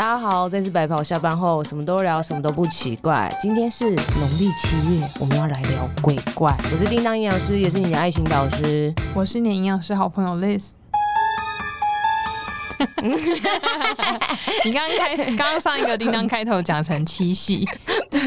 大家好，這次白袍下班後什麼都聊，什麼都不奇怪。今天是農曆七月，我們要來聊鬼怪。我是叮噹營養師，也是你的愛情導師。我是你的營養師好朋友 Liz。 你剛剛開，剛剛上一個叮當開頭講成七夕，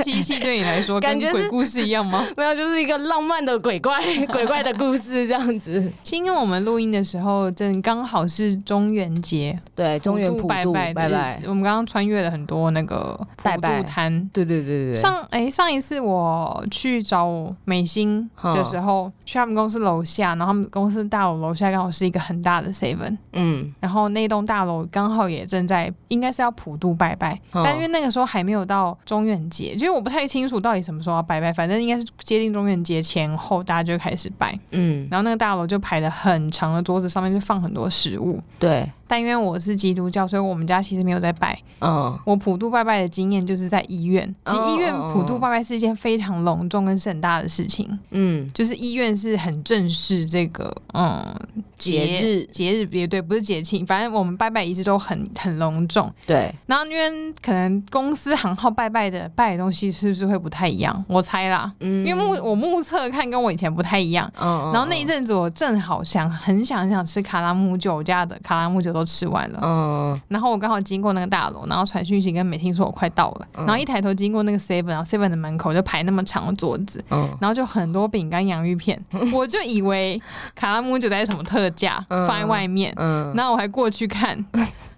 七夕對你來說感覺鬼故事一樣嗎？沒有，就是一個浪漫的鬼怪，鬼怪的故事這樣子。今天我們錄音的時候正剛好是中元節，對，中元普渡拜拜，拜拜。我們剛剛穿越了很多那個普渡攤，對對對對、對。上哎、欸，上一次我去找美心的時候，哦、去他們公司樓下，然後他們公司大樓樓下剛好是一個很大的 seven，嗯，然後那棟，大樓剛好也正在，應該是要普度拜拜，哦、但因為那個時候還沒有到中元節，其實我不太清楚到底什麼時候要拜拜，反正應該是接近中元節前後，大家就開始拜。嗯，然後那個大樓就排了很長的桌子，上面就放很多食物。對。但因為我是基督教，所以我們家其實沒有在拜。嗯，oh. 我普度拜拜的經驗就是在醫院。其實醫院普度拜拜是一件非常隆重跟盛大的事情。嗯，oh. 就是醫院是很正式這個嗯節日、節日也對，不是節慶，反正我們拜拜一直都很很隆重。對，然後因為可能公司行號拜拜的拜，拜的東西是不是會不太一樣？我猜啦，因為目我目測看跟我以前不太一樣。嗯，oh. 然後那一陣子我正好想很想很想吃卡拉木酒家的卡拉木酒。都。吃完了，uh, 然後我剛好經過那個大樓，然後傳訊息跟美欣說我快到了，uh, 然後一抬頭經過那個 seven，然後 seven 的門口就排那麼長的桌子，uh, 然後就很多餅乾、洋芋片， 我就以為卡辣姆久在什麼特價、uh, 放在外面，uh, uh, 然後我還過去看。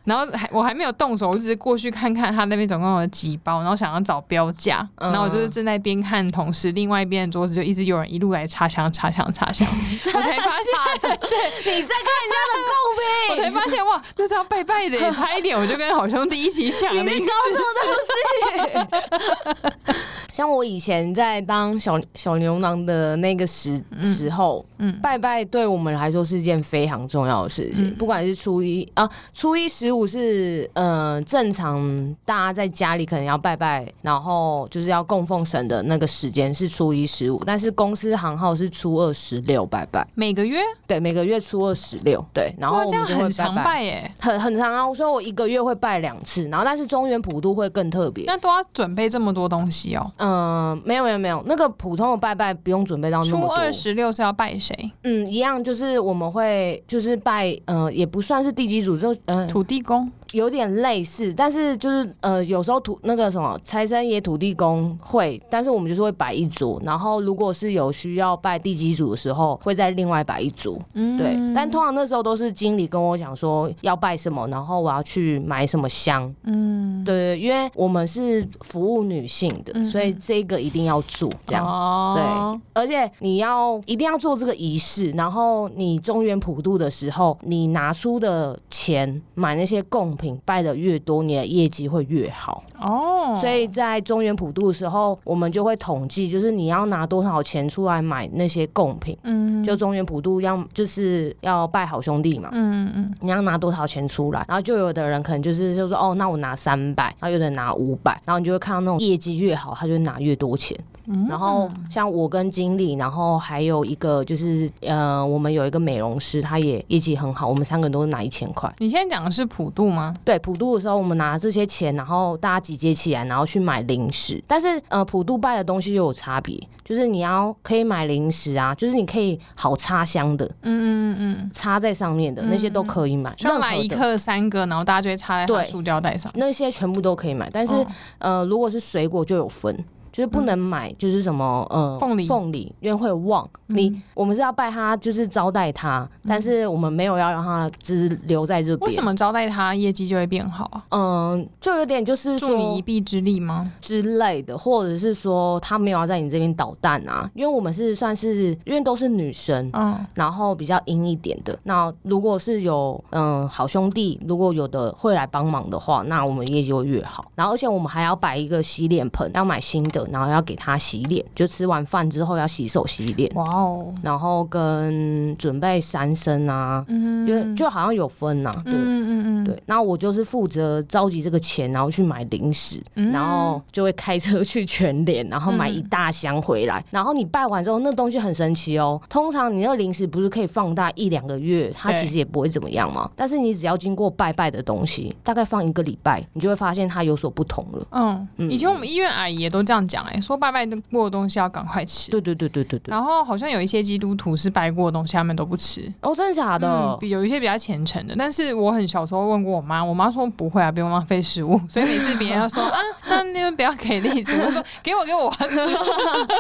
然後還我還沒有動手，我只是過去看看他那邊總共有幾包，然後想要找標價。呃、然後我就是正在邊看，同時另外一邊的桌子就一直有人一路來插香、插香、插香，我才發現，對，你在看人家的供品。我才發現哇，那是要拜拜的，差一點我就跟好兄弟一起搶的，你告訴我東西。 像我以前在當小小牛郎的那個時時候，嗯嗯、拜拜對我們來說是一件非常重要的事情。嗯、不管是初一啊，初一十五是嗯、呃，正常大家在家裡可能要拜拜，然後就是要供奉神的那個時間是初一十五，但是公司行號是初二十六拜拜。每個月對，每個月初二十六對，然後這樣很常拜耶，很很常啊。所以我一個月會拜兩次，然後但是中原普渡會更特別，那都要準備這麼多東西哦。嗯、呃，沒有沒有沒有，那個普通的拜拜不用準備到那麼多。初二十六是要拜誰？嗯，一樣就是我們會就是拜，嗯、呃，也不算是地基主，就嗯，呃、土地公。有點類似，但是就是呃，有時候土那個什麼財神爺、土地公會，但是我們就是會擺一組，然後如果是有需要拜地基主的時候，會再另外擺一組，嗯嗯對。但通常那時候都是經理跟我講說要拜什麼，然後我要去買什麼香，嗯、嗯，對，因為我們是服務女性的，所以這一個一定要做這樣，嗯嗯對。而且你要一定要做這個儀式，然後你中元普渡的時候，你拿出的錢買那些供品，拜的越多，你的業績會越好哦。Oh. 所以在中元普渡的時候，我們就會統計，就是你要拿多少錢出來買那些貢品。嗯，mm. 就中元普渡要就是要拜好兄弟嘛。嗯嗯、mm. 你要拿多少錢出來？然後就有的人可能就是就是說哦，那我拿三百，然後有的人拿五百，然後你就會看到那種業績越好，他就拿越多錢。嗯、然後像我跟經理，嗯、然後還有一個就是，呃，我們有一個美容師，他也業績很好，我們三個人都拿一千塊。你現在講的是普渡嗎？對，普渡的時候，我們拿這些錢，然後大家集結起來，然後去買零食。但是，呃，普渡拜的東西又有差別，就是你要可以買零食啊，就是你可以好插香的，嗯嗯嗯，插、嗯、在上面的、嗯、那些都可以買，就買、嗯、一克三個，然後大家就會插在塑料袋上，那些全部都可以買。但是，嗯、呃，如果是水果就有分。就是不能買，就是什麼嗯，呃、鳳梨，鳳梨，因為會旺、嗯、你。我們是要拜他，就是招待他，嗯、但是我們沒有要讓他只是留在這邊。為什麼招待他業績就會變好啊？嗯、呃，就有點就是說助你一臂之力嗎之類的，或者是說他沒有要在你這邊搗蛋啊？因為我們是算是因為都是女生，嗯，然後比較陰一點的。那如果是有嗯、呃、好兄弟，如果有的會來幫忙的話，那我們業績會越好。然後而且我們還要擺一個洗臉盆，要買新的。然後要給他洗臉，就吃完飯之後要洗手洗臉。哇哦 Wow！然後跟準備三牲啊，嗯，就就好像有分吶、啊，對，嗯嗯嗯，對。那我就是負責召集這個錢，然後去買零食，嗯嗯然後就會開車去全聯然後買一大箱回來。嗯嗯然後你拜完之後，那東西很神奇哦、喔。通常你那個零食不是可以放大一兩個月，它其實也不會怎麼樣嘛。對但是你只要經過拜拜的東西，大概放一個禮拜，你就會發現它有所不同了。Oh, 嗯，以前我們醫院阿姨也都這樣講。講哎，說拜拜的過的東西要趕快吃。對對對對對對。然後好像有一些基督徒是拜過的東西，他們都不吃。哦，真的假的？嗯，有一些比較虔誠的。但是我很小時候問過我媽，我媽說不會啊，不用浪費食物。所以每次別人要說 啊，那你們不要給例子， 我說給我給我。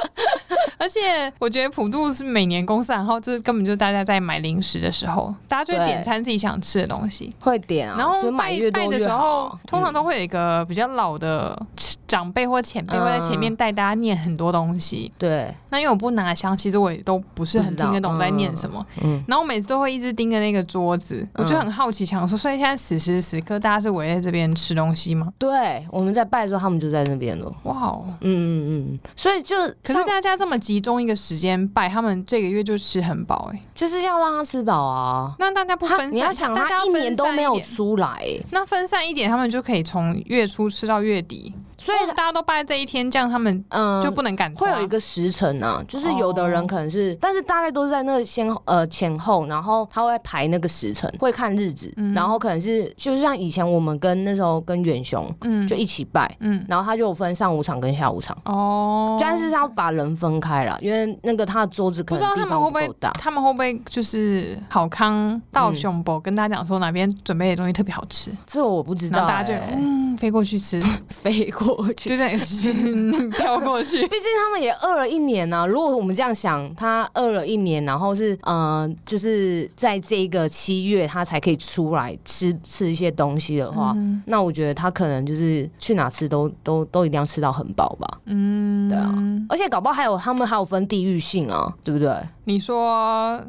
而且我覺得普渡是每年公司，然後就是根本就大家在買零食的時候，大家就會點餐自己想吃的東西，會點對。然後拜拜的時候，通常都會有一個比較老的長輩或前輩會在前。裡面帶大家念很多東西，對。那因為我不拿香，其實我也都不是很聽得懂在念什麼？嗯。然後我每次都會一直盯着那個桌子，嗯、我就很好奇，想說，所以現在此時此刻大家是圍在這邊吃東西嗎？對，我們在拜的時候，他們就在那邊了。哇哦，嗯嗯嗯。所以就，可是大家這麼集中一個時間拜，他們這個月就吃很飽，欸，哎，就是要讓他吃飽啊。那大家不分散，他你要想大家一年都沒有出來，分那分散一點，他們就可以從月初吃到月底。所以大家都拜這一天，這樣他們嗯就不能趕。會有一個時辰啊，就是有的人可能是，但是大概都是在那個先呃前後，然後他會排那個時辰，會看日子，然後可能是就像以前我們跟那時候跟遠雄嗯就一起拜嗯，然後他就分上午場跟下午場哦，但是他把人分開了，因為那個他的桌子不知道他們會不會大，他們會不會就是好康到熊博跟大家講說哪邊準備的東西特別好吃，這我不知道，然後大家就嗯飛過去吃飛過過去就這樣，心跳過去。 畢竟他們也餓了一年啊，如果我們這樣想，他餓了一年，然後是嗯、呃，就是在這個七月他才可以出來吃吃一些東西的話，那我覺得他可能就是去哪吃都都都，都一定要吃到很飽吧。嗯，對啊。而且搞不好還有他們還有分地域性啊，對不對？你說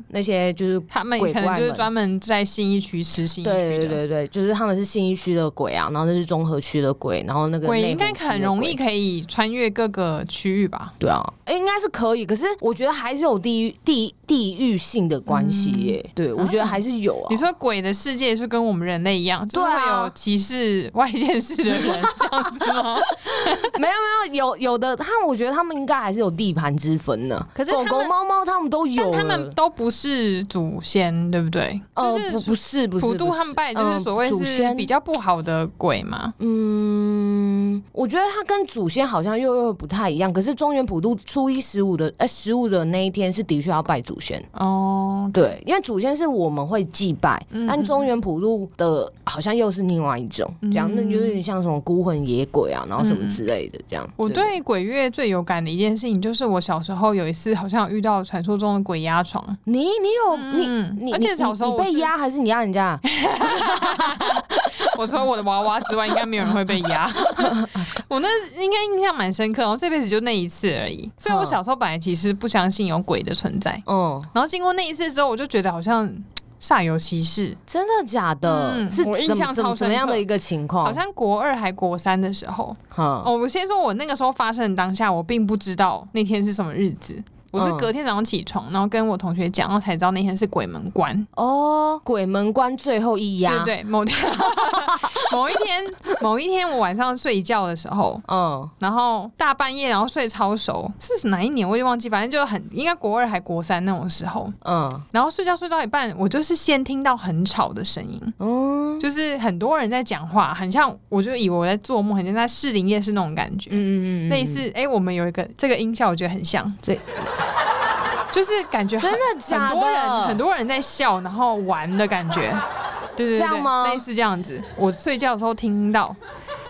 那些就是鬼怪們，他們可能就是專門在信義區吃信義區。對對對、對，就是他們是信義區的鬼啊，然後那是中和區的鬼，然後那個鬼、鬼應該很容易可以穿越各個區域吧？對啊，哎、欸，應該是可以，可是我覺得還是有地域地地域性的關係耶、欸。嗯、對，我覺得還是有啊、啊。你說鬼的世界是跟我們人類一樣，就是、會有歧視外縣市的人這樣子嗎？ 沒有沒有，有有的，他們我覺得他們應該還是有地盤之分呢。可是狗狗貓貓他們都。但他們都不是祖先，對不對？哦，就是不，不是，不是普渡和，拜就是所謂祖先比較不好的鬼嘛。嗯，我覺得他跟祖先好像又又不太一樣。可是中原普渡初一十五的，哎、欸，十五的那一天是的確要拜祖先哦。對，因為祖先是我們會祭拜，嗯、但中原普渡的好像又是另外一種，嗯、這樣那就有點像什麼孤魂野鬼啊，然後什麼之類的這樣。嗯、對我對鬼月最有感的一件事情，就是我小時候有一次好像有遇到傳說中。鬼壓床？你你有你、嗯、你？你而且小時候被壓還是你壓人家？ 我說我的娃娃之外，應該沒有人會被壓。 我那應該印象蠻深刻，哦，這輩子就那一次而已。所以我小時候本來其實不相信有鬼的存在，哦、嗯。然後經過那一次之後，我就覺得好像煞有其事。真的假的？是我印象超深。怎麼，怎麼樣的一個情況？好像國二還國三的時候。好、哦，我先說我那個時候發生的當下，我並不知道那天是什麼日子。我是隔天早上起床，uh, 然後跟我同學講，我才知道那天是鬼門關哦，oh, 鬼門關最後一壓，對不對？某天， 某一天，某一天，我晚上睡覺的時候，嗯，uh, 然後大半夜，然後睡超熟，是哪一年我就忘記，反正就很應該國二還國三那種時候，嗯，uh, 然後睡覺睡到一半，我就是先聽到很吵的聲音，哦，uh, 就是很多人在講話，很像我就以為我在做夢，很像在士林夜市那種感覺，嗯嗯，嗯嗯，類似哎，我們有一個這個音效，我覺得很像，這就是感覺很，真的假的？很多人，很多人在笑，然後玩的感覺，對對對，類似這樣嗎？這樣子。我睡覺的時候聽到，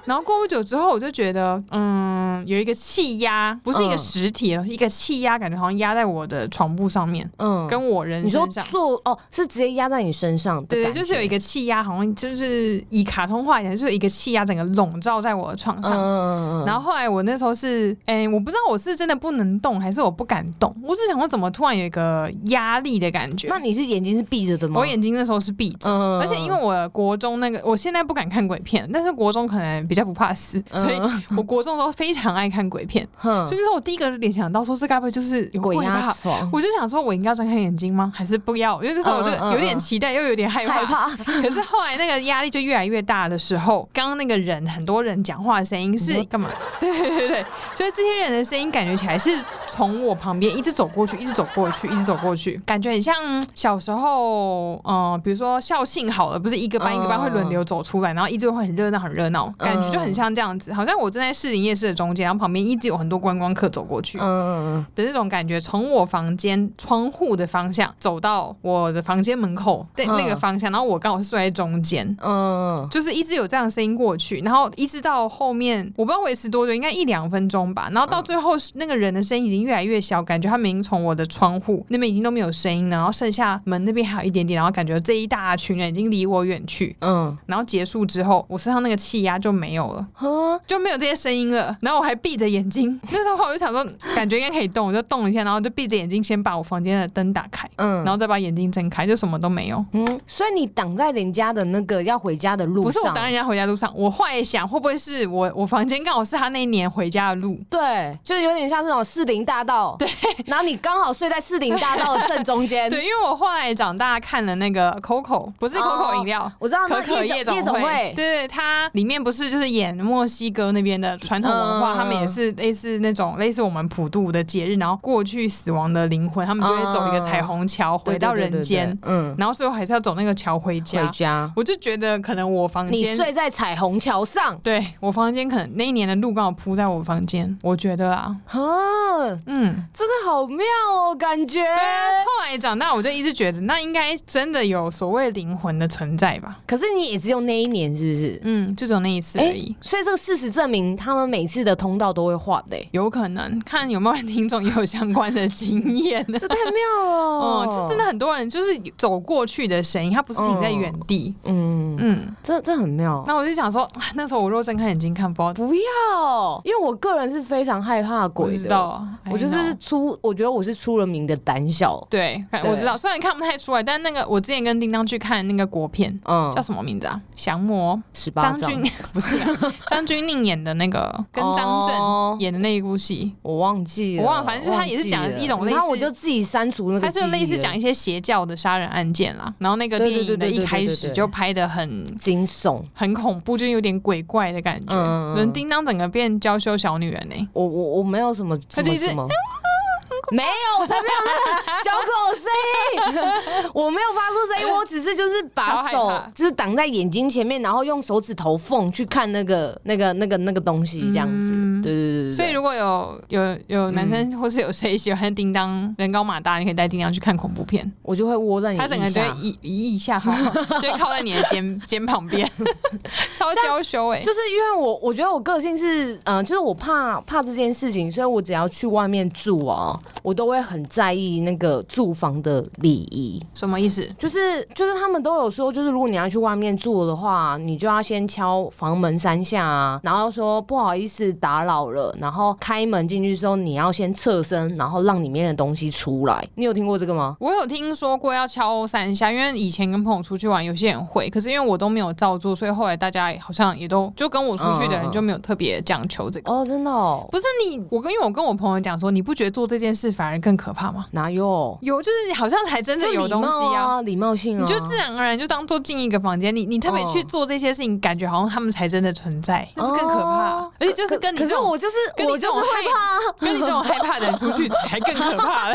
然後過不久之後，我就覺得，嗯。有一個氣壓，不是一個實體，嗯、一個氣壓，感覺好像壓在我的床鋪上面。嗯，跟我人你說坐哦，是直接壓在你身上？對，就是有一個氣壓，好像就是以卡通話一點，就是、有一個氣壓，整個籠罩在我的床上。嗯嗯嗯。然後後來我那時候是，哎、欸，我不知道我是真的不能動，還是我不敢動。我是想說怎麼突然有一個壓力的感覺。那你是眼睛是閉着的嗎？我眼睛那時候是閉着，嗯、而且因為我國中那個，我現在不敢看鬼片，但是國中可能比較不怕死，所以我國中都非常。常愛看鬼片，呵所以說我第一個聯想到說這該不會就是有鬼壓床？我就想說，我應該要睜開眼睛嗎？還是不要？因為那時候我就有點期待，又有點害怕。嗯嗯嗯、可是後來那個壓力就越來越大的時候，剛剛那個人很多人講話的聲音是幹、嗯、嘛？對對對對，所以這些人的聲音感覺起來是從我旁邊一直走過去，一直走過去，一直走過去， 感覺很像小時候，嗯、呃，比如說校慶好了，不是一個班一個班會輪流走出來，然後一直會很熱鬧，很熱鬧，感覺就很像這樣子。好像我正在士林夜市中。然後旁邊一直有很多觀光客走過去，嗯嗯嗯的那種感覺，從我房間窗戶的方向走到我的房間門口，對那個方向，然後我剛好是睡在中間，嗯，就是一直有這樣的聲音過去，然後一直到後面，我不知道維持多久，應該一兩分鐘吧，然後到最後那個人的聲音已經越來越小，感覺他們已經從我的窗戶那邊已經都沒有聲音了，然後剩下門那邊還有一點點，然後感覺這一大群人已經離我遠去，嗯，然後結束之後，我身上那個氣壓就沒有了，哦，就沒有這些聲音了，然後我。還閉着眼睛，那時候我就想說，感覺應該可以動， 我就動一下，然後就閉着眼睛，先把我房間的燈打開，嗯，然後再把眼睛睜開，就什麼都沒有。嗯，所以你擋在人家的那個要回家的路上？不是，我擋人家回家路上，我後來想，會不會是我我房間剛好是他那一年回家的路。對，就是有點像這種四零大道，對。然後你剛好睡在四零大道的正中間， 對，因為我後來長大看了那個 Coco。不是 Coco 飲料。哦，我知道可可夜總會，對對，它裡面不是就是演墨西哥那邊的傳統文化。嗯他們也是類似那種類似我們普渡的節日，然後過去死亡的靈魂，他們就會走一個彩虹橋回到人間、嗯，嗯，然後最後還是要走那個橋回家。回家，我就覺得可能我房間你睡在彩虹橋上，對我房間可能那一年的路剛好鋪在我房間，我覺得啊，啊哈，嗯，這個好妙哦，感覺。嗯、後來長大，我就一直覺得那應該真的有所謂靈魂的存在吧。可是你也只有那一年，是不是？嗯，就只有那一次而已、欸。所以這個事實證明，他們每次的。通道都會畫的，有可能看有沒有聽眾有相關的經驗呢？這太妙了！哦，這真的很多人就是走過去的聲音，他不是停在原地。嗯嗯，這這很妙。那我就想說，那時候我若睜開眼睛看，不不要，因為我個人是非常害怕鬼的。我就是出，我覺得我是出了名的膽小。對，我知道，雖然看不太出來，但那個我之前跟叮當去看那個國片，嗯，叫什麼名字啊？降魔十八張軍不是張君寧演的那個，跟張。演的那一部戲，我忘記了，我忘了，反正就是他也是講一種類似，然後我就自己刪除了，他就類似講一些邪教的殺人案件啦。然後那個電影的一開始就拍得很驚悚，很恐怖，就有點鬼怪的感覺。人、嗯嗯、叮噹整個變嬌羞小女人呢、欸，我我我沒有什麼什麼什麼。他就一直 沒有，我才沒有那個小口聲音， 我沒有發出聲音，我只是就是把手就是擋在眼睛前面，然後用手指頭縫去看那個那個那個那個東西這樣子，嗯、對對對，對所以如果有有有男生或是有誰喜歡叮當人高馬大，你可以帶叮當去看恐怖片，我就會窩在你，他整個就倚倚一下， 就靠在你的肩 肩旁邊，超嬌羞哎。就是因為我我覺得我個性是嗯、呃，就是我怕怕這件事情，所以我只要去外面住啊、喔。我都會很在意那個住房的禮儀，什麼意思？就是就是他們都有說，就是如果你要去外面住的話，你就要先敲房門三下啊，然後說不好意思打擾了，然後開門進去的時候，你要先側身，然後讓裡面的東西出來。你有聽過這個嗎？我有聽說過要敲三下，因為以前跟朋友出去玩，有些人會，可是因為我都沒有照做，所以後來大家好像也都就跟我出去的人就沒有特別講求這個、嗯。哦，真的哦，不是你，我跟因為我跟我朋友講說，你不覺得做這件事。是反而更可怕嗎？哪有？有，就是好像才真的有東西啊，禮貌性啊，你就自然而然就當做進一個房間，你你特別去做這些事情，感覺好像他們才真的存在，那不更可怕。而且就是跟你，可是我就是我這種害怕，跟你這種害怕的人出去才更可怕。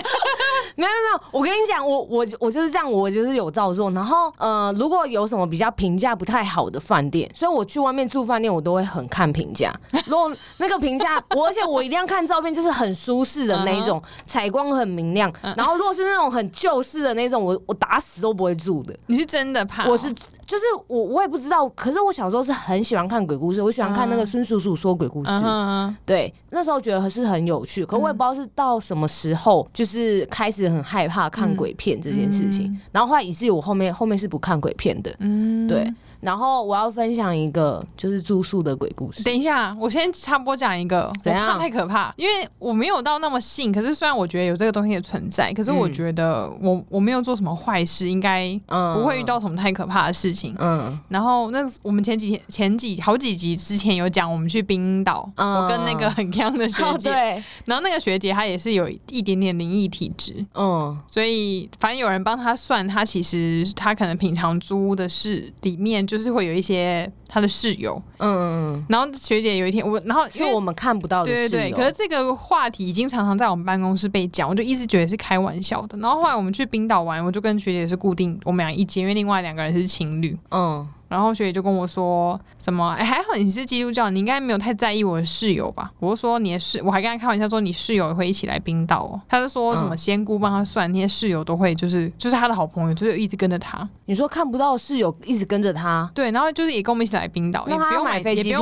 沒有沒有，我跟你講，我我我就是這樣，我就是有照做。然後呃，如果有什麼比較評價不太好的飯店，所以我去外面住飯店，我都會很看評價。如果那個評價，我而且我一定要看照片，就是很舒適的那一種。採光很明亮，然後如果是那種很舊式的那種， 我我打死都不會住的。你是真的怕？我是就是我我也不知道，可是我小時候是很喜歡看鬼故事，我喜歡看那個孫叔叔說鬼故事，嗯嗯嗯、對，那時候覺得是很有趣。可我也不知道是到什麼時候，就是開始很害怕看鬼片這件事情。嗯嗯、然後後來以至於我後面後面是不看鬼片的，嗯，對。然後我要分享一個就是住宿的鬼故事。等一下，我先差不多講一個，怎樣？太可怕，因為我沒有到那麼信，可是雖然我覺得有這個東西的存在，可是我覺得我、嗯、我沒有做什麼壞事，應該不會遇到什麼太可怕的事情。嗯，嗯然後那我們前幾天前幾好幾集之前有講，我們去冰島，嗯、我跟那個很 g 的學姐，哦、對，然後那個學姐她也是有一點點靈異體質，嗯，所以反正有人幫她算，她其實她可能平常租的是裡面。就是會有一些。他的室友，嗯，然後學姐有一天我，然後因為我們看不到的室友，對對對，可是這個話題已經常常在我們辦公室被講，我就一直覺得是開玩笑的。然後後來我們去冰島玩，我就跟學姐是固定我們倆一間，因為另外兩個人是情侶，嗯，然後學姐就跟我說什麼，哎，還好你是基督教，你應該沒有太在意我的室友吧？我就說你的室，我還跟他開玩笑說你室友也會一起來冰島哦，他就說什麼仙姑幫他算，嗯、那些室友都會就是就是他的好朋友，就是、一直跟着他。你說看不到室友一直跟着他，對，然後就是也跟我們一起來。來冰島也不用買飛機票的。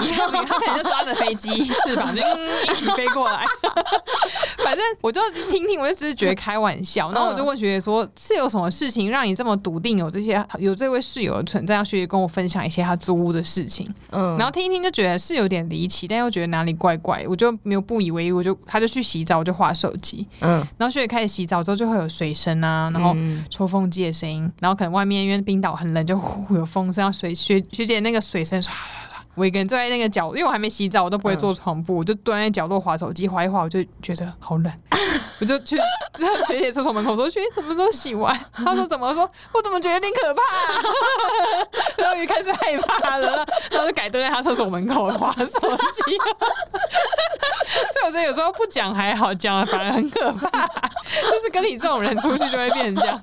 他可能就抓着飛機翅膀 是吧？就、嗯、一起飛過來。 反正我就聽聽，我就只是覺得開玩笑。然後我就會覺得說：“是有什麼事情讓你這麼篤定有這些有這位室友的存在？”讓學姐跟我分享一些他租屋的事情。嗯，然後聽一聽就覺得是有點離奇，但又覺得哪裡怪怪，我就沒有不以為意。我就他就去洗澡，我就劃手機。嗯，然後學姐開始洗澡之後就會有水聲啊，然後抽風機的聲音，然後可能外面因為冰島很冷就有風聲，水水。學姐那個水聲刷刷唰，我一個人坐在那個角，因為我還沒洗澡，我都不會坐床鋪，嗯、我就蹲在角落滑手機，劃一劃，我就覺得好冷， 我就去就讓學姐廁所門口說：“學姐什麼時候洗完？”她說、嗯：“怎麼說？我怎麼覺得有點可怕、啊？”然後我就開始害怕了，然後就改蹲在她廁所門口滑手機。 所以我覺得有時候不講還好，講了反而很可怕，就是跟你這種人出去就會變成這樣。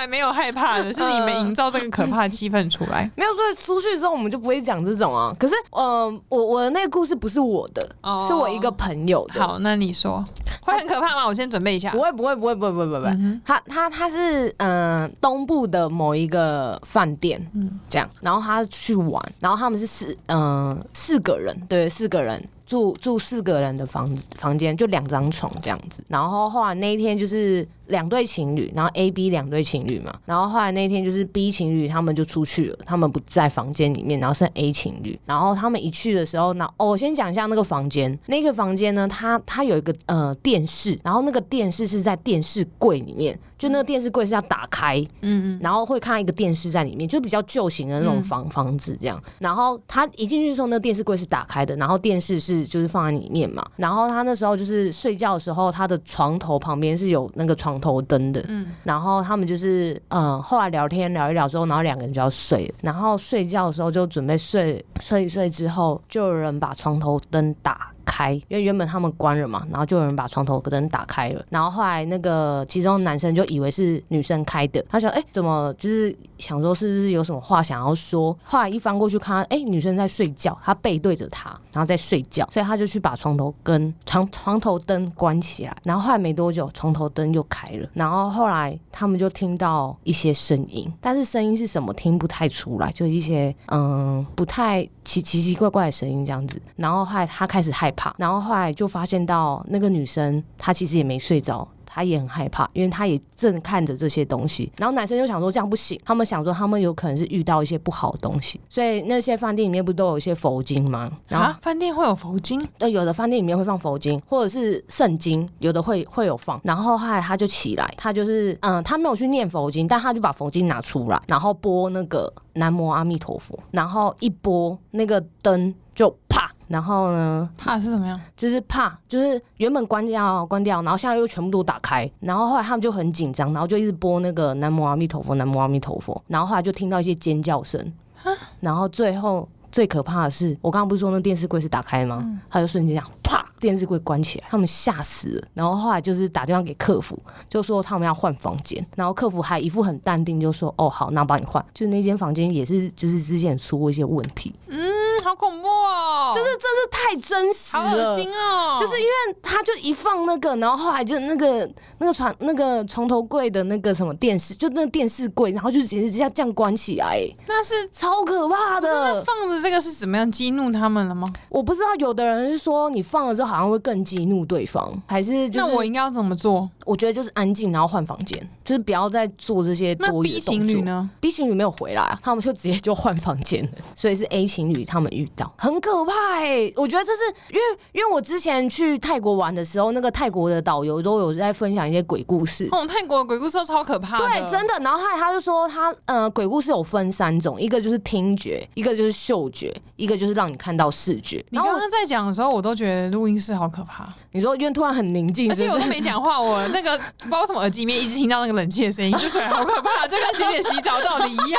還沒有害怕的是你們營造這個可怕的氣氛出來，呃、 沒有，所以出去之後我們就不會講這種啊。可是，嗯、呃，我我的那個故事不是我的哦，是我一個朋友的。好，那你說會很可怕嗎？他 我先準備一下。不會，不會、嗯哼，不會，不會，不會，不會。他他他是嗯、呃，東部的某一個飯店，嗯，這樣。然後他去玩，然後他們是四嗯、呃、四個人，對，對，四個人。住住四個人的房子房間就兩張床這樣子，然後後來那一天就是兩對情侶，然後 A B 兩對情侶嘛，然後後來那一天就是 B 情侶他們就出去了，他們不在房間裡面，然後剩 A 情侶，然後他們一去的時候呢，哦，我先講一下那個房間，那個房間呢，它它有一個呃電視，然後那個電視是在電視櫃裡面。就那個電視櫃是要打開，嗯嗯哼，然後會看一個電視在裡面，就比較舊型的那種房、嗯、房子這樣。然後他一進去的時候，那個電視櫃是打開的，然後電視是就是放在裡面嘛。然後他那時候就是睡覺的時候，他的床頭旁邊是有那個床頭燈的，嗯。然後他們就是嗯，後來聊天聊一聊之後，然後兩個人就要睡。然後睡覺的時候就準備睡，睡一睡之後，就有人把床頭燈打。開，因為原本他們關了嘛，然後就有人把床頭燈打開了。然後後來那個其中男生就以為是女生開的，他想，哎、欸，怎麼就是想說是不是有什麼話想要說？後來一翻過去看，哎、欸，女生在睡覺，她背對着他，然後在睡覺，所以他就去把床頭跟床床頭燈關起來。然後後來沒多久，床頭燈又開了，然後後來他們就聽到一些聲音，但是聲音是什麼聽不太出來，就一些嗯不太奇奇奇怪怪的聲音這樣子。然後後來他開始害怕。然後後來就發現到那個女生，她其實也沒睡着，她也很害怕，因為她也正看着這些東西。然後男生就想說這樣不行，他們想說他們有可能是遇到一些不好的東西。所以那些飯店裡面不都有一些佛經嗎？然後啊，飯店會有佛經？呃，有的飯店裡面會放佛經，或者是聖經，有的會會有放。然後後來他就起來，他就是嗯，他沒有去念佛經，但他就把佛經拿出來，然後播那個南無阿彌陀佛，然後一播那個燈就啪。然後呢？怕是什麼樣？就是怕，就是原本關掉，關掉，然後現在又全部都打開，然後後來他們就很緊張，然後就一直播那個南無阿彌陀佛，南無阿彌陀佛，然後後來就聽到一些尖叫聲，蛤然後最後最可怕的是，我剛剛不是說那電視櫃是打開的嗎？嗯、他就瞬間這樣，啪，電視櫃關起來，他們嚇死了，然後後來就是打電話給客服，就說他們要換房間，然後客服還一副很淡定，就說，哦，好，那我幫你換，就那間房間也是，就是之前出過一些問題，嗯好恐怖哦！就是真是太真實了，好噁心哦、就是因為他就一放那個，然後後來就那個那個床那個床頭櫃的那個什麼電視，就那個電視櫃，然後就直接直接這樣關起來，那是超可怕的。那放着這個是怎麼樣激怒他們了嗎？我不知道，有的人是說你放的時候好像會更激怒對方，還是、就是、那我應該要怎麼做？我覺得就是安靜，然後換房間，就是不要再做這些多餘的動作。那 B 情侶呢？B 情侶沒有回來，他們就直接就換房間了。所以是 A 情侶他們遇到很可怕哎、欸。我覺得這是因為，因為我之前去泰國玩的時候，那個泰國的導遊都有在分享一些鬼故事。哦，泰國鬼故事都超可怕的。對，真的。然後他他就說他呃，鬼故事有分三種，一個就是聽覺，一個就是嗅覺，一個就是讓你看到視覺。你剛剛在講的時候，我，我，我都覺得錄音室好可怕。你說因為突然很寧靜，所以我都沒講話。我 那個，不知道什麼耳機裡面，一直聽到那個冷氣的聲音，就覺得好可怕，啊。就跟學姐洗澡到底一樣，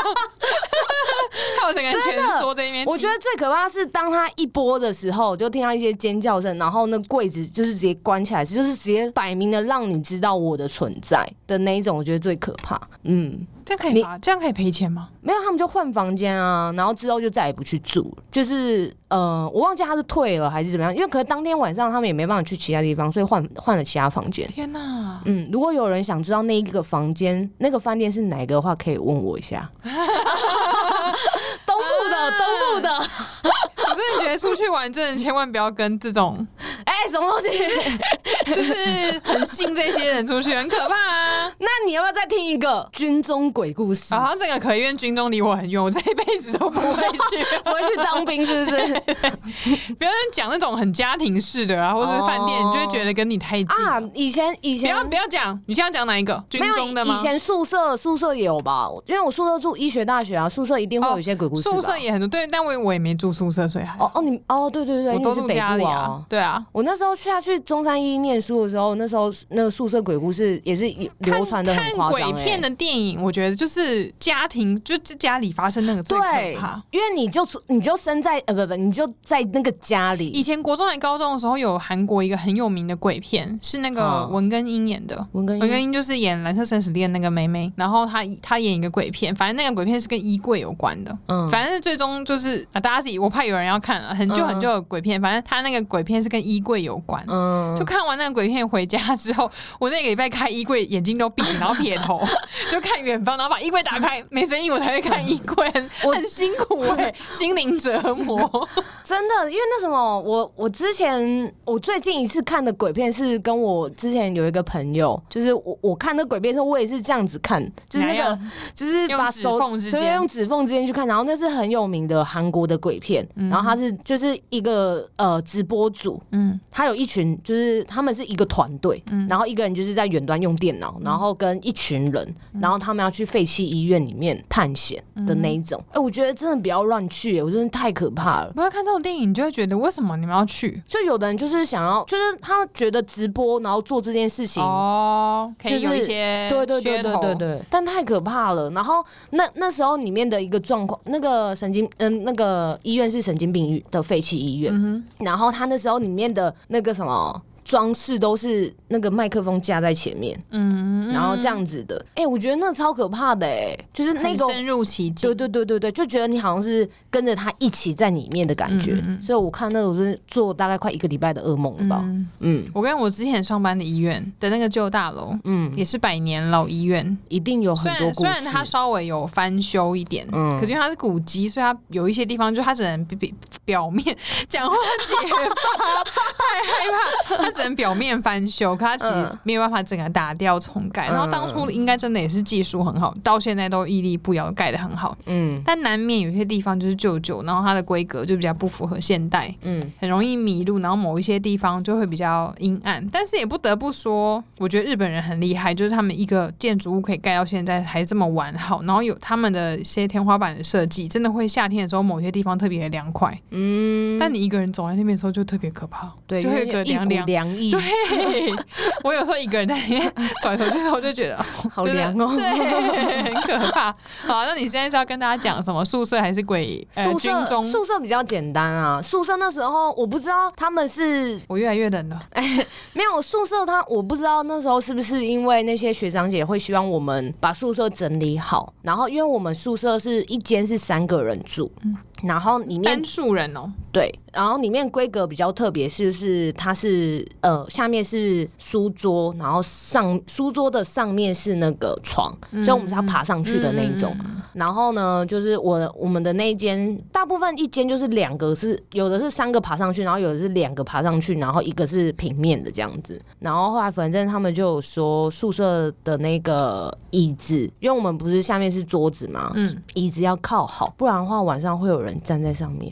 靠！整個人縮在那邊。我覺得最可怕的是，當他一播的時候，就聽到一些尖叫聲，然後那櫃子就是直接關起來，就是直接擺明的讓你知道我的存在的那一種。我覺得最可怕，嗯。這樣可以，你 這樣可以賠錢嗎？沒有，他們就換房間啊，然後之後就再也不去住了。就是，呃，我忘記他是退了還是怎麼樣，因為可能當天晚上他們也沒辦法去其他地方，所以換換了其他房間。天哪！嗯，如果有人想知道那一個房間那個飯店是哪一個的話，可以問我一下。 東部的，啊、東部的。我真的覺得出去玩，真的千萬不要跟這種。什麼東西 就是很信這些人，出去很可怕啊！那你要不要再聽一個軍中鬼故事？啊，這個可以，因為軍中離我很遠，我這一輩子都不會去，不會 去當兵，是不是？ 不要講那種很家庭式的啊，或者飯店，哦、你就會覺得跟你太近啊。以前以前不要不要講，你現在講哪一個軍中的嗎？以前宿舍宿舍也有吧，因為我宿舍住醫學大學啊，宿舍一定會有一些鬼故事，哦。宿舍也很多，對，但我我也沒住宿舍，所以還哦哦你哦對，對對對，我都是家裡啊，是北啊，對啊，我那時候。那時候去他去中山一念書的時候，那時候那個宿舍鬼故事也是流傳的很誇張，欸、看，看鬼片的電影，我覺得就是家庭，就是家裡發生那個最可怕。對。因為你就出，你就生在呃不不，你就在那個家裡。以前國中還高中的時候，有韓國一個很有名的鬼片，是那個文根英演的。哦、文根文根英就是演《藍色生死戀》那個妹妹，然後她她演一個鬼片，反正那個鬼片是跟衣櫃有關的。嗯，反正最終就是啊，大家自己我怕有人要看了，很舊很舊的鬼片。嗯嗯反正她那個鬼片是跟衣櫃有關的。有關，嗯、就看完那個鬼片，回家之後，我那個禮拜開衣櫃，眼睛都閉，然後撇頭 就看遠方，然後把衣櫃打開沒聲音，我才會看衣櫃，我 很辛苦哎、欸，很心靈折磨， 真的，因為那什麼，我我之前我最近一次看的鬼片是跟我之前有一個朋友，就是我我看那鬼片的時候，我也是這樣子看，就是那個樣就是把手指縫之間用指縫之間去看，然後那是很有名的韓國的鬼片，嗯、哼然後他是就是一個呃直播主嗯。他有一群，就是他們是一個團隊，嗯、然後一個人就是在遠端用電腦，嗯、然後跟一群人，嗯、然後他們要去廢棄醫院裡面探險的那一種。哎、嗯，欸、我覺得真的不要亂去、欸，我真的太可怕了。不會看這種電影，你就會覺得為什麼你們要去？就有的人就是想要，就是他覺得直播，然後做這件事情、就是、哦，就是對對對對對對，但太可怕了。然後那那時候裡面的一個狀況，那個神經嗯，那個醫院是神經病的廢棄醫院，嗯、哼然後他那時候裡面的。那個什麼。裝飾都是那個麥克風架在前面，嗯，然後這樣子的，哎，我覺得那超可怕的，哎，就是那種深入其境，對對對對就覺得你好像是跟着他一起在裡面的感覺，所以我看那個我是做大概快一個禮拜的噩夢吧，嗯，我跟我之前上班的醫院的那個舊大樓，嗯，也是百年老醫院，一定有很多故事雖然它稍微有翻修一點，嗯，可是因為它是古蹟，所以它有一些地方就它只能表表面講話，太害怕，太害怕。表面翻修，可它其實沒有辦法整個打掉重蓋。嗯。然後當初應該真的也是技術很好，到現在都屹立不搖，蓋的很好。嗯。但難免有些地方就是舊舊，然後它的規格就比較不符合現代。嗯。很容易迷路，然後某一些地方就會比較陰暗。但是也不得不說，我覺得日本人很厲害，就是他們一個建築物可以蓋到現在還這麼完好，然後有他們的一些天花板的設計，真的會夏天的時候某些地方特別涼快。嗯。但你一個人走在那邊的時候就特別可怕，對，就會有一個涼涼，有一股涼。對，我有時候一個人在那邊轉頭去的時候，就覺得好涼哦、喔就是，對，很可怕。好，那你現在是要跟大家講什麼？宿舍還是鬼？宿舍、呃、宿舍比較簡單啊。宿舍那時候我不知道他們是，我越來越冷了。欸、沒有宿舍他，他我不知道那時候是不是因為那些學長姐會希望我們把宿舍整理好，然後因為我們宿舍是一間是三個人住，嗯。然後裡面單數人哦，對，然後裡面規格比較特別，是是它，是呃下面是書桌，然後上書桌的上面是那個床，嗯、所以我們是要爬上去的那一種。嗯嗯然後呢，就是我我們的那一間大部分一間就是兩個，是有的是三個爬上去，然後有的是兩個爬上去，然後一個是平面的這樣子。然後後來反正他們就有說宿舍的那個椅子，因為我們不是下面是桌子嘛，嗯，椅子要靠好，不然的話晚上會有人站在上面。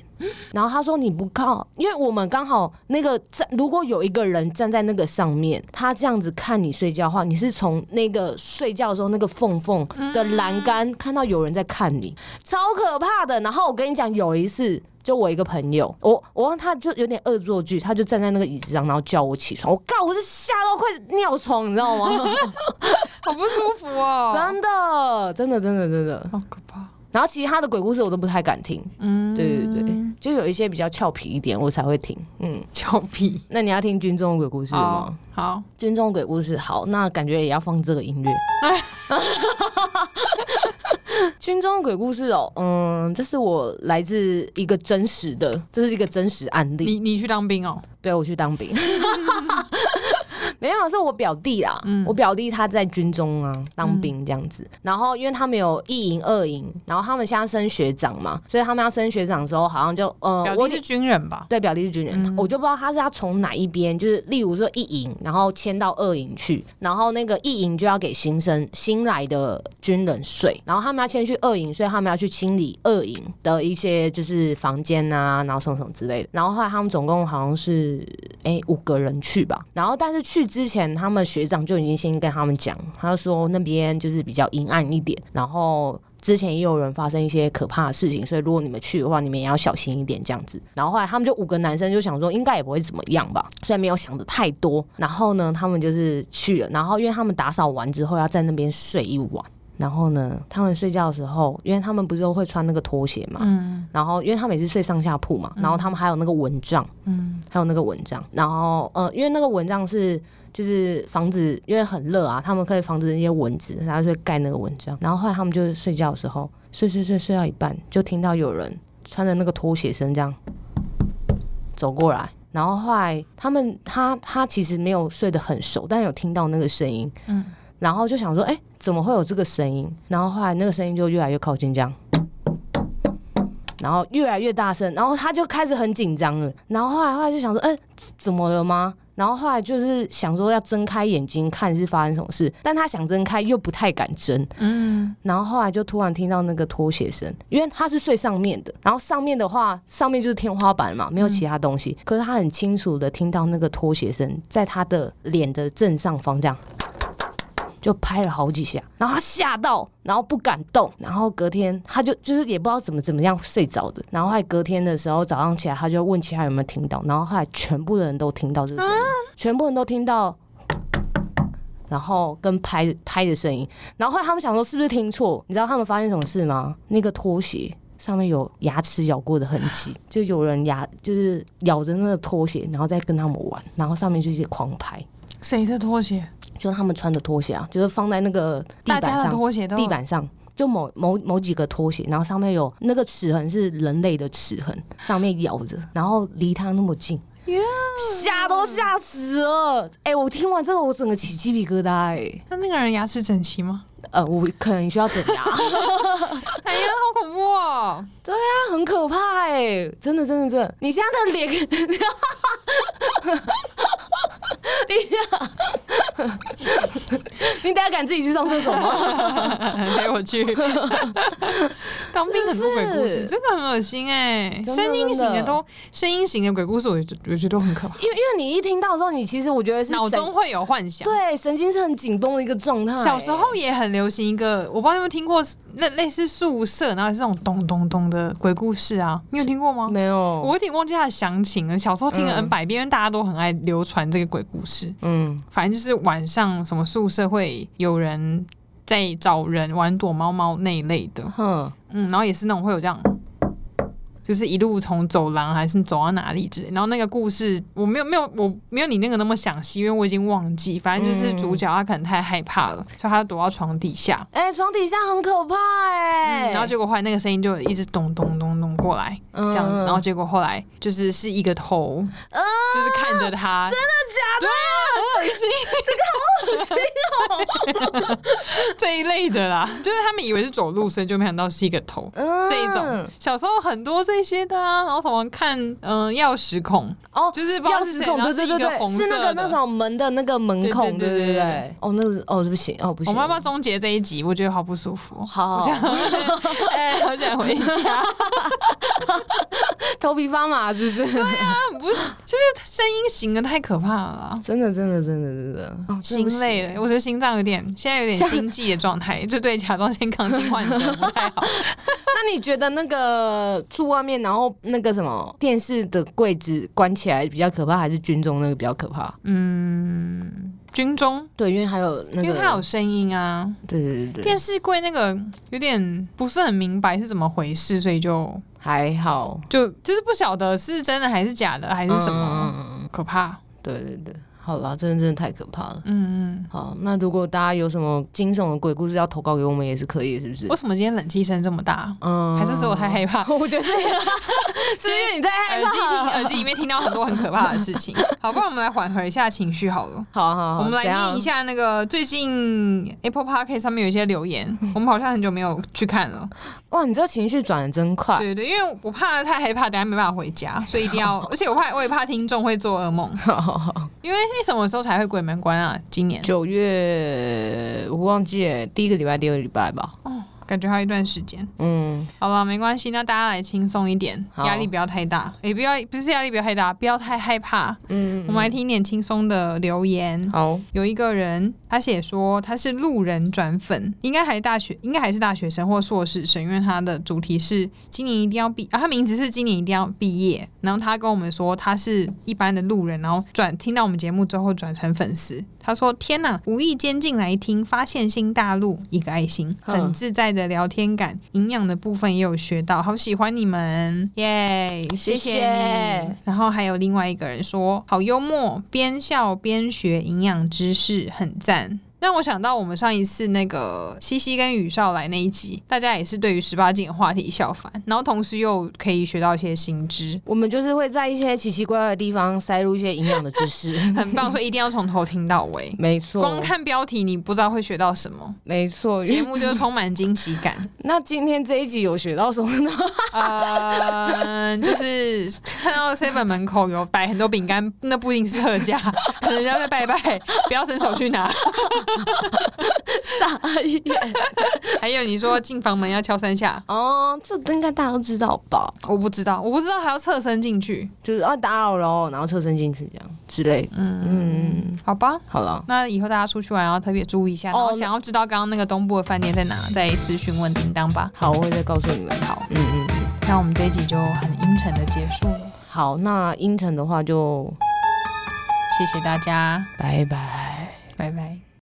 然後他說：“你不靠，因為我們剛好那個站，如果有一個人站在那個上面，他這樣子看你睡覺的話，你是從那個睡覺的時候那個縫縫的欄杆看到有人在看你，嗯、超可怕的。然後我跟你講，有一次就我一個朋友，我我讓他就有點惡作劇，他就站在那個椅子上，然後叫我起床。我靠，我是嚇到快尿床，你知道嗎？ 好不舒服哦，真的，真的，真的，真的，好可怕。”然後其他的鬼故事我都不太敢聽，嗯，對對對，就有一些比較俏皮一點我才會聽，嗯，俏皮。那你要聽軍中的鬼故事嗎、哦？好，軍中的鬼故事好，那感覺也要放這個音樂。哎、 軍中的鬼故事哦，嗯，這是我來自一個真實的，這是一個真實案例。你你去當兵哦？對，我去當兵。 沒有，是我表弟啦。嗯、我表弟他在軍中啊，當兵這樣子。嗯、然後，因為他們有一營、二營，然後他們現在升學長嘛，所以他們要升學長的時候好像就呃，表弟是軍人吧？對，表弟是軍人，嗯、我就不知道他是要從哪一邊，就是例如說一營，然後遷到二營去，然後那個一營就要給新生新來的軍人睡，然後他們要遷去二營，所以他們要去清理二營的一些就是房間啊，然後什麼什麼之類的。然後後來他們總共好像是哎五個人去吧，然後但是去。之前他們學長就已經先跟他們講，他就說那邊就是比較陰暗一點，然後之前也有人發生一些可怕的事情，所以如果你們去的話，你們也要小心一點這樣子。然後後來他們就五個男生就想說，應該也不會怎麼樣吧，雖然沒有想得太多。然後呢，他們就是去了，然後因為他們打掃完之後要在那邊睡一晚，然後呢，他們睡覺的時候，因為他們不是都會穿那個拖鞋嘛，嗯、然後因為他們也是睡上下鋪嘛，然後他們還有那個蚊帳，嗯、還有那個蚊帳、嗯，然後呃，因為那個蚊帳是。就是防止，因為很熱啊，他們可以防止那些蚊子，然後就會蓋那個蚊帳。然後後來他們就睡覺的時候，睡睡睡睡到一半，就聽到有人穿着那個拖鞋聲這樣走過來。然後後來他們他他其實沒有睡得很熟，但有聽到那個聲音。嗯。然後就想說，欸，怎麼會有這個聲音？然後後來那個聲音就越來越靠近，這樣，然後越來越大聲。然後他就開始很緊張了。然後後來後來就想說，欸，怎麼了嗎？然後後來就是想說要睜開眼睛看是發生什麼事，但他想睜開又不太敢睜。嗯，然後後來就突然聽到那個拖鞋聲，因為他是睡上面的，然後上面的話上面就是天花板嘛，沒有其他東西。嗯，可是他很清楚的聽到那個拖鞋聲在他的臉的正上方，這樣。就拍了好幾下，然後他嚇到，然後不敢動，然後隔天他就就是也不知道怎麼怎麼樣睡着的。然後後來隔天的時候早上起來，他就問其他人有沒有聽到，然後後來全部的人都聽到這個聲音，全部人都聽到，然後跟拍拍的聲音。然後後來他們想說是不是聽錯？你知道他們發生什麼事嗎？那個拖鞋上面有牙齒咬過的痕跡，就有人牙就是咬着那個拖鞋，然後在跟他們玩，然後上面就是狂拍。誰的拖鞋？就是他們穿的拖鞋啊，就是放在那個地板上，的拖鞋地板上就某某某幾個拖鞋，然後上面有那個齒痕是人類的齒痕，上面咬着，然後離他那麼近，嚇 Yeah 都嚇死了！哎、欸，我聽完這個我整個起雞皮疙瘩、欸。那那個人牙齒整齊嗎？呃，我可能需要整牙。哎呀，好恐怖哦！對啊，很可怕哎、欸，真的，真的，真的，你現在的臉。 哎呀，你等下 敢自己去上廁所嗎？ 陪我去。當兵很多鬼故事，真的很噁心哎、欸。聲音型的都聲音型的鬼故事，我我覺得都很可怕。因為因為你一聽到的時候，你其實我覺得是腦中會有幻想，對，神經是很緊繃的一個狀態、欸。小時候也很流行一個，我不知道你們有沒有聽過那類似宿舍，然後是這種咚咚咚的鬼故事啊，是你有聽過嗎？沒有，我有點忘記它的詳情了。小時候聽了很百遍，因為大家都很愛流傳這個鬼故事。故事，嗯，反正就是晚上什麼宿舍會有人在找人玩躲貓貓那一類的，嗯嗯，然後也是那種會有這樣。就是一路從走廊還是走到哪裡之類，然後那個故事，我沒有沒有我沒有你那個那麼詳細，因為我已經忘記。反正就是主角他可能太害怕了，嗯、所以他躲到床底下。哎、欸，床底下很可怕哎、欸嗯。然後結果後來那個聲音就一直咚咚咚咚咚過來、嗯、這樣子，然後結果後來就是是一個頭，嗯、就是看着他，真的假的？對啊，好噁心， 這個好噁心哦， 這一類的啦，就是他們以為是走路，聲，就沒想到是一個頭、嗯、這一種。小時候很多這。一些的啊，然後什麼看，嗯，鑰匙孔哦，就是鑰匙孔，對對對對，是那個那種門的那個門孔，對對，對對對，對對對對哦，那哦、個，這不行哦，不行，我要不要終結這一集，我覺得好不舒服，好，我想，哎、 欸，好想回家。 頭皮發麻是不是？對啊，不是，就是聲音醒的太可怕了。真的，真的，真的，真的。心累了，我覺得心臟有點，現在有點心悸的狀態，就像對甲狀腺亢進患者不太好。那你覺得那個住外面，然後那個什麼電視的櫃子關起來比較可怕，還是軍中那個比較可怕？嗯。軍中對，因為還有、那個，因為它有聲音啊。對對對對。電視櫃那個有點不是很明白是怎麼回事，所以就還好，就就是不曉得是真的還是假的，還是什麼，嗯、可怕。對對對。好了，真的真的太可怕了。嗯嗯，好，那如果大家有什麼驚悚的鬼故事要投稿給我們，也是可以，是不是？為什麼今天冷氣聲這麼大？嗯，還是說我太害怕？我覺得是因為你在害怕，耳機耳機裡面聽到很多很可怕的事情。好，不然我們來緩和一下情緒好了。好，好，我們來念一下那個最近 Apple Podcast 上面有一些留言，我們好像很久沒有去看了。哇，你這情緒轉的真快。對對，因為我怕太害怕，等下沒辦法回家，所以一定要。而且我怕，我也怕聽眾會做噩夢，因為。什麼時候才會鬼門關啊？今年九月，我忘記，第一個禮拜，第二個禮拜吧。哦感覺還有一段時間，嗯，好了，沒關係，那大家來輕鬆一點，壓好力不要太大，也、欸、不要不是壓力不要太大，不要太害怕，嗯，嗯我們來聽一點輕鬆的留言。好，有一個人他寫說他是路人轉粉，應該還大學，應該還是大學生或碩士生，因為他的主題是今年一定要畢、啊，他名字是今年一定要畢業，然後他跟我們說他是一般的路人，然後轉聽到我們節目之後轉成粉絲。他說：“天哪，無意間進來聽，發現新大陸，一個愛心，很自在的聊天感，營養的部分也有學到，好喜歡你們，耶、yeah，謝謝你，謝謝你。然後還有另外一個人說：“好幽默，邊笑邊學營養知識，很讚。”讓我想到我們上一次那個西西跟宇少來那一集，大家也是對於十八禁的話題笑翻，然後同時又可以學到一些新知。我們就是會在一些奇奇怪怪的地方塞入一些營養的知識， 很棒，所以一定要從頭聽到尾。沒錯錯，光看標題你不知道會學到什麼。沒錯錯，節目就充滿驚喜感。 那今天這一集有學到什麼呢？ 呃，就是看到 Seven 門口有擺很多餅乾，那不一定是特價， 人家在拜拜，不要伸手去拿。 傻眼的， 還有你說進房門要敲三下 哦，這應該大家都知道吧？我不知道，我不知道還要側身進去，就是啊打擾嘍，然後側身進去這樣之類。嗯嗯，嗯好吧，好了啦，那以後大家出去玩要特別注意一下。哦，想要知道剛剛那個東部的飯店在哪，再一次詢問叮噹吧。好，我會再告訴你們。好，嗯嗯嗯，那我們這一集就很陰沉的結束了。好，那陰沉的話就謝謝大家，拜拜 bye，拜拜。